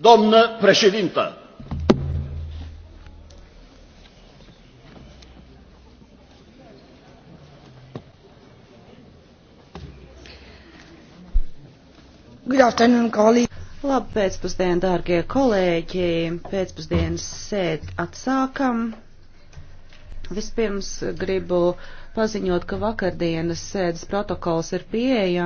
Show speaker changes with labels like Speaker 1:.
Speaker 1: Doamnă președintă!
Speaker 2: Good afternoon, colleagues. Labi pēcpusdienu, dārgie kolēģi. Pēcpusdienas sēdi atsākam. Vispirms gribu paziņot, ka vakardienas sēdes protokols ir
Speaker 3: pieejams.